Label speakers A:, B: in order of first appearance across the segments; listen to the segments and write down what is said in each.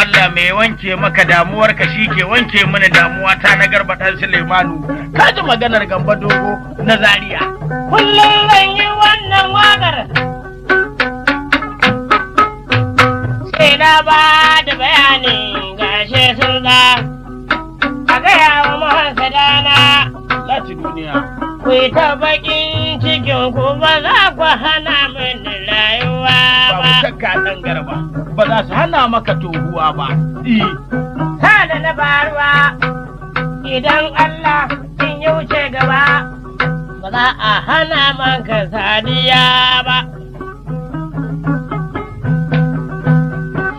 A: Allah mai wanke maka damuwarka shi ke wanke mana damuwa ta na garba ɗan Sulemanu. Ka ji maganar gamba dogo na Zariya. Kullum zan yi wannan wagar. Sai na ba da bayani gashe sun da. A gaya wa mahansa na. Lati duniya. Ku yi ta bakin cikin ku ba za ku hana mini rayuwa ba. Ba mu shakka garba. ba za su hana maka tohuwa ba. Sada na baruwa idan Allah in yi wuce gaba ba za a hana maka sadiya ba.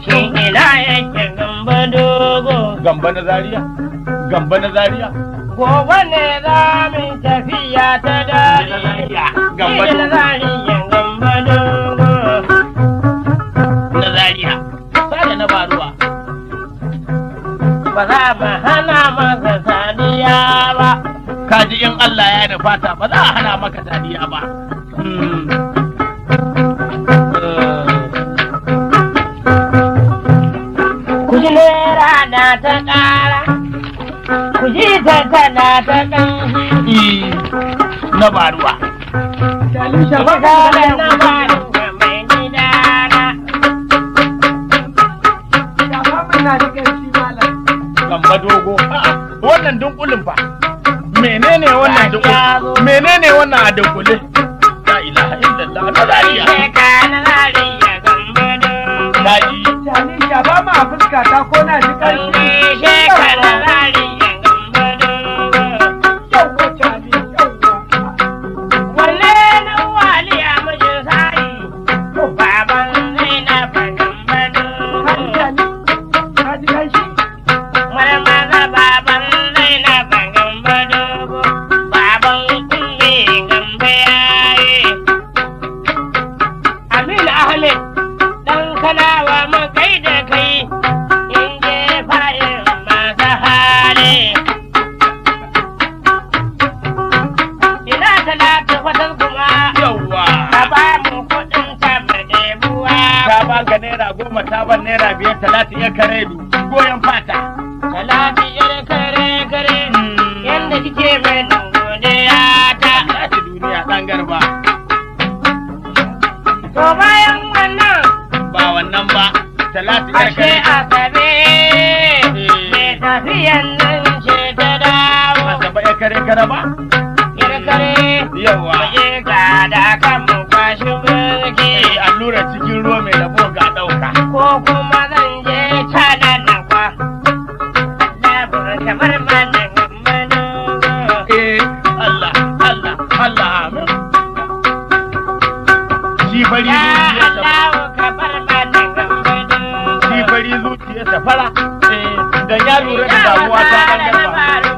A: Shin ina yake gamba dogo? Gamba na zariya? Gamba na zariya? Gobe ne za mu tafiya ta dariya. Gamba na zariya. ba za mu hana masa saniya ba kaji in Allah ya da fata ba za a hana maka saniya ba hmm. nera na ta ƙara kujita tana ta ɗan eh, na baruwa. Shalisha baka na dunkulin fa menene wannan dunkulin menene wannan a dunkule la ilaha illallah na zariya ne ka na zariya gambo da ji ta ni ba ma fuska ta ko na ji kai naira biyar talatin ya kare du goyon fata. Talatin ya kare kare yadda kike mai godiya ta. Talati duniya ɗan garba. To bayan wannan. Ba wannan ba. Talatin ya kare. Ashe asabe. Eh. Me tafiyan nan ce ta dawo. Asabe ya kare kare ba. Ya kare. Yawa. fari zuciyarsa fara eh, da ya lura da damuwa ta ɓangaren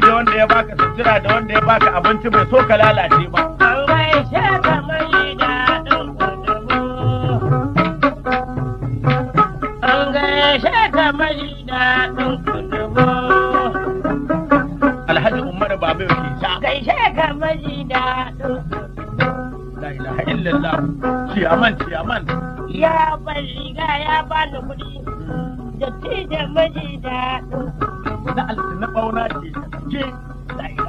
A: sati da wanda ya baka sutura da wanda ya baka abinci bai so ka lalace ba. Alhaji Umar Babu ke sha. Gaishe ka maji da La ilaha illallah. Ya ban riga ya bani kuɗi. Da da maji ɗin mauna ce ta cikin